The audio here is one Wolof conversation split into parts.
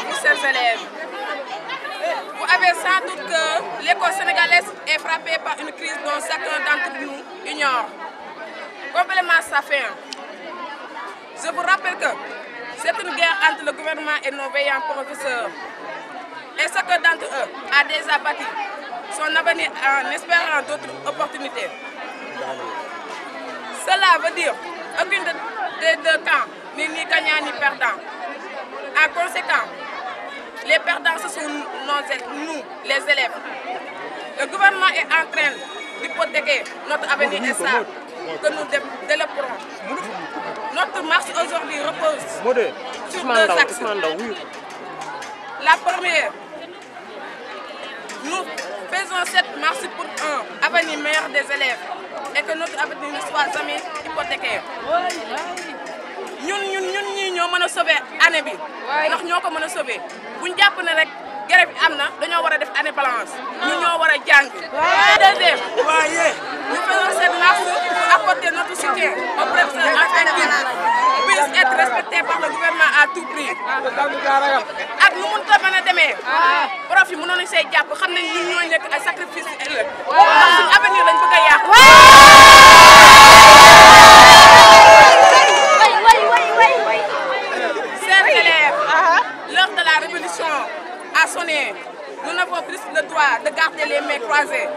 vous, élèves. Vous avez sans doute que l'école sénégalaise est frappée par une crise dont chacun d'entre nous ignore. Complément sa fin. Je vous rappelle que c'est une guerre entre le gouvernement et nos veillants professeurs. Et chacun d'entre eux a déjà bâti son avenir en espérant d'autres opportunités. Cela veut dire aucune des deux camps ni gagnant ni perdant. En conséquence, les perdants, ce sont nous, nous, les élèves. Le gouvernement est en train d'hypothéquer notre avenir et ça, que nous développerons. Notre marche aujourd'hui repose sur deux axes. La première, nous faisons cette marche pour un avenir meilleur des élèves et que notre avenir ne soit jamais hypothéqué. ñun ñun ñun ñii ñoo mën a sauver année bi ndax ñoo ko mën a sauver buñ jàpp ne rek grève bi am na dañoo war a def année balance ñun ah. ñoo war a jàng deuxième waaye ñu faisons cette marche pour apporter notre soutien au professeur afin qu'il puisse être respecté par le ak nu mun ta mën a demee prof yi mënoon nañ jàpp xam nañ ñun ñoo nekk ay sacrifice ëllëg ndax suñu avenir lañ bëgg a yàq croisés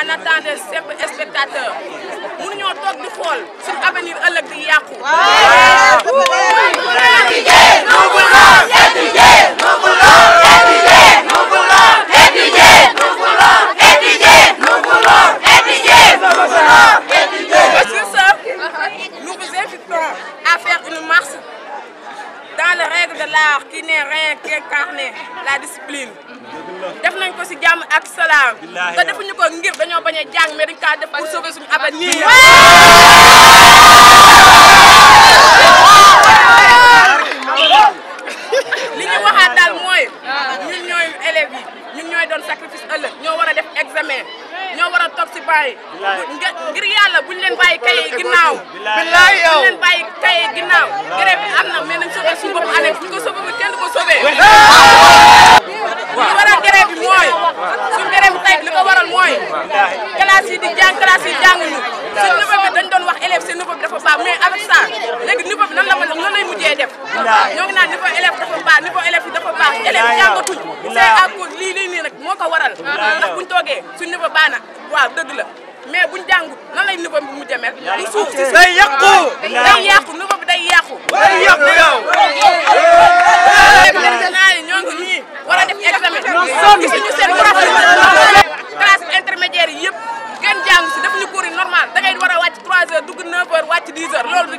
en attendant simples spectateurs. Nous toog ah, nous vous invitons à faire une marche dans les règles de l'art qui n'est rien qu'incarner la discipline. def nañ ko si jàmm ak salaam. te defuñu ko ngir dañoo bañ a jàng mais dañ kaa def pour sauver suñu avenir. li ñu waxaat mooy. ñun ñooy élèves yi ñun ñooy doon sacrifice ëllëg ñoo war a def examen. ñoo war a si bàyyi. ngir yàlla buñ leen bàyyi kaye ginnaaw. bilaay yow buñ leen bàyyi kaye ginnaaw. grève bi am na mais nañ sauver suñu bopp année ñu ko sauver kenn du ñoo ngi naan niveau élève dafa baax niveau élève yi dafa baax élève jàngatuñ lii lii nii nag moo ko waral ndax buñ toogee suñ niveau baax na waaw la mais buñ jàngut nan lay niveau bi mu jëmel di suuf si day yàqu day yàqu niveau bi day yàqu day ñoo ngi ñii war a examen gisuñu seen professeur classe intermédiaire yëpp kenn jàng si daf ñu cours normal da ngay war a wàcc 3 dugg 9 heures wàcc 10 heures loolu du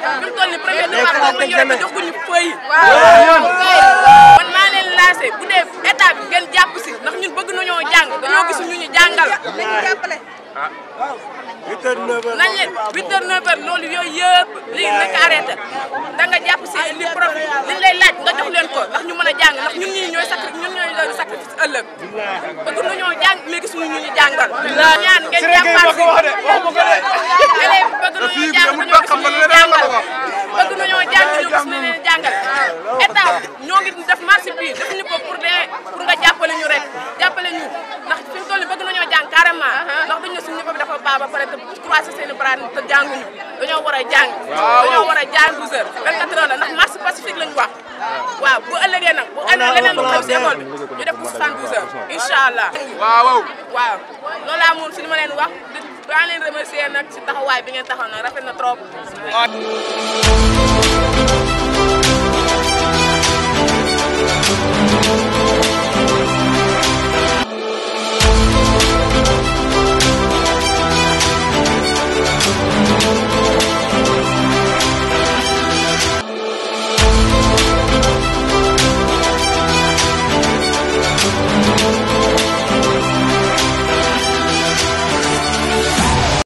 bi mu toll nii premier novembre moom la ñu yore te joxuñu feuille. waaw man maa leen lancé bu dee état bi ngeen jàpp si ndax ñun bëgg nañoo jàng dañoo gis ñu ñu jàngal. ah. huit heures neuf heures nañ leen huit heures neuf heures loolu yooyu yëpp léegi nag arrêté da nga jàpp si li prof li lay laaj nga jox leen ko ndax ñu mën a jàng ndax ñun ñii ñooy sacri ñun ñooy loolu sacrifice ëllëg bëgg nañoo jàng mais gis ñu ñu jàngal ñaan ngeen jàppal si élève bëgg nañoo jàng dañoo gis ñu ñu jàngal bëgg nañoo jàng dañoo gis ñu leen jàngal état ñoo ngi def marché bii def ñu ko pas ba pare te croiser seen i bras te jànguñu dañoo war a jàng. waaw dañoo war a jàng 12 heures la ndax marche pacifique lañu wax. waaw bu ëllëgee nag bu amee leneen lu xew si bi ñu def ko 72 heures incha waaw waaw. waaw loolu laa moom si li ma leen wax di daa leen remercier nag si bi ngeen taxaw nag rafet na trop.